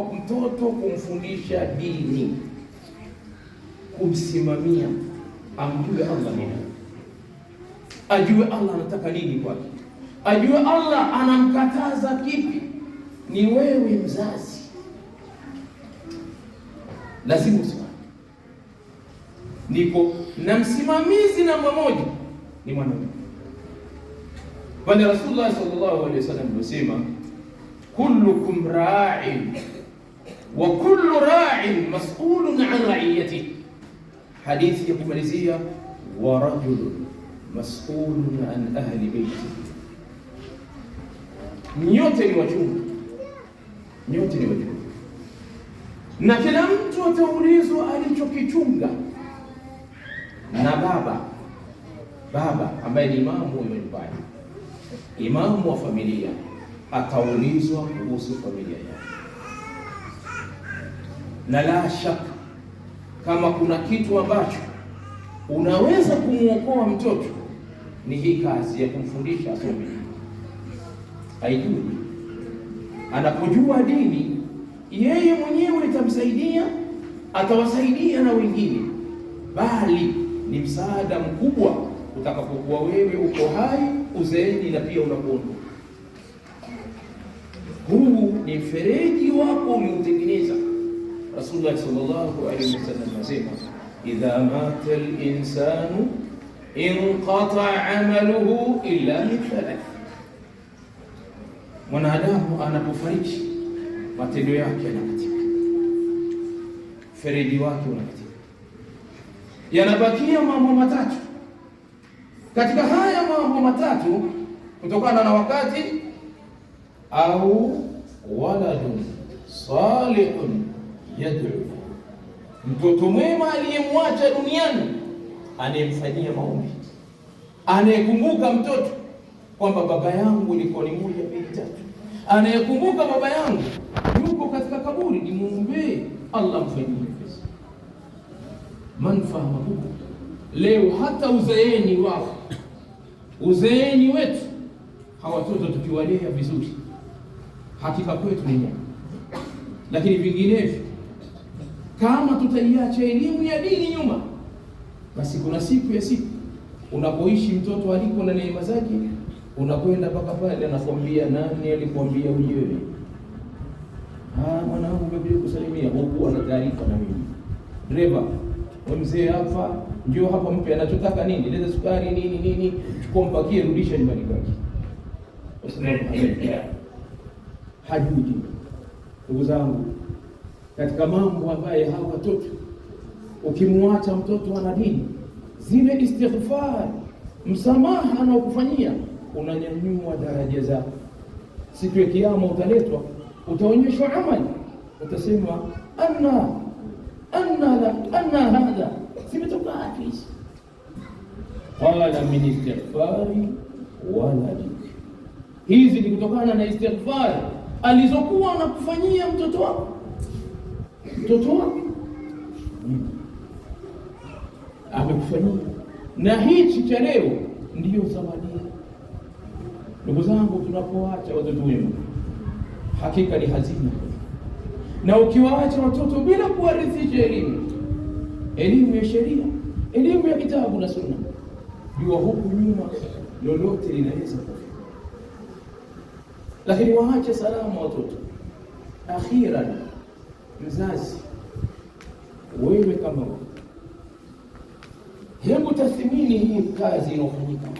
kwa mtoto kumfundisha dini, kumsimamia, amjue Allah ni nani, ajue Allah anataka nini kwake, ajue Allah anamkataza kipi. Ni wewe mzazi, lazima usimame. Ndipo na msimamizi namba moja ni mwanamke, kwani Rasulullah sallallahu alaihi wasallam alisema kullukum ra'in wa kullu ra'in mas'ulun an ra'iyatihi, hadithi ya kumalizia wa rajulun mas'ulun an ahli baiti. Nyote ni wachunga, nyote ni wachunga, na kila mtu ataulizwa alichokichunga na baba baba ambaye ni imamu wa nyumbani, imamu wa familia ataulizwa kuhusu familia yake na la shaka, kama kuna kitu ambacho unaweza kumwokoa mtoto ni hii kazi ya kumfundisha asome, haijui anapojua dini yeye mwenyewe itamsaidia, atawasaidia na wengine, bali ni msaada mkubwa utakapokuwa wewe uko hai uzeeni na pia unaponda. Huu ni mfereji wako umeutengeneza. رسول الله صلى الله عليه وسلم زينا إذا مات الإنسان انقطع عمله إلا من ثلاث وناداه أنا بفريج ما تدوياك أنا بتك فريج أنا بتك ينبكي يا مامو متاتو كتك هاي مامو متاتو kutokana na wakati au ولد salihun yad'u, mtoto mwema aliyemwacha duniani, anayemfanyia maombi, anayekumbuka mtoto kwamba baba yangu ilikuwa ni moja mbili tatu, anayekumbuka baba yangu yuko katika kaburi, ni nimwombee Allah mfanyie pesa manfaa makubwa. Leo hata uzeeni wao uzeeni wetu hawa watoto tukiwalea vizuri, hakika kwetu ni, lakini vinginevyo kama tutaiacha elimu ya dini nyuma, basi kuna siku ya siku unapoishi mtoto aliko na neema zake, unakwenda mpaka pale anakwambia, nani alikwambia ujewe? Ah, mwanangu umekuja kusalimia, hukuwa na taarifa na mimi dereva mzee hapa ndio hapa, mpe anachotaka nini, leza sukari nini nini, chukua mpakie, rudisha nyumbani kwake. Hajuji, ndugu zangu katika mambo ambaye hawa watoto, ukimwacha mtoto ana dini, zile istighfar, msamaha anaokufanyia unanyanyua daraja zako. Siku ya Kiyama utaletwa, utaonyeshwa amali, utasema anna anna la anna hadha zimetoka wapi? wala min istighfari waladi, hizi ni kutokana na istighfar alizokuwa anakufanyia mtoto wako mtoto wake hmm. amekufanyia. Na hichi cha leo ndiyo zawadi. Ndugu zangu, tunapoacha watoto wenu, hakika ni hazina, na ukiwaacha watoto bila kuwarithisha elimu, elimu ya sheria, elimu ya kitabu na sunna, jua huku nyuma lolote linaweza kufika, lakini waache salama watoto akhiran Mzazi wewe, kama hebu tathmini hii kazi inayofanyika.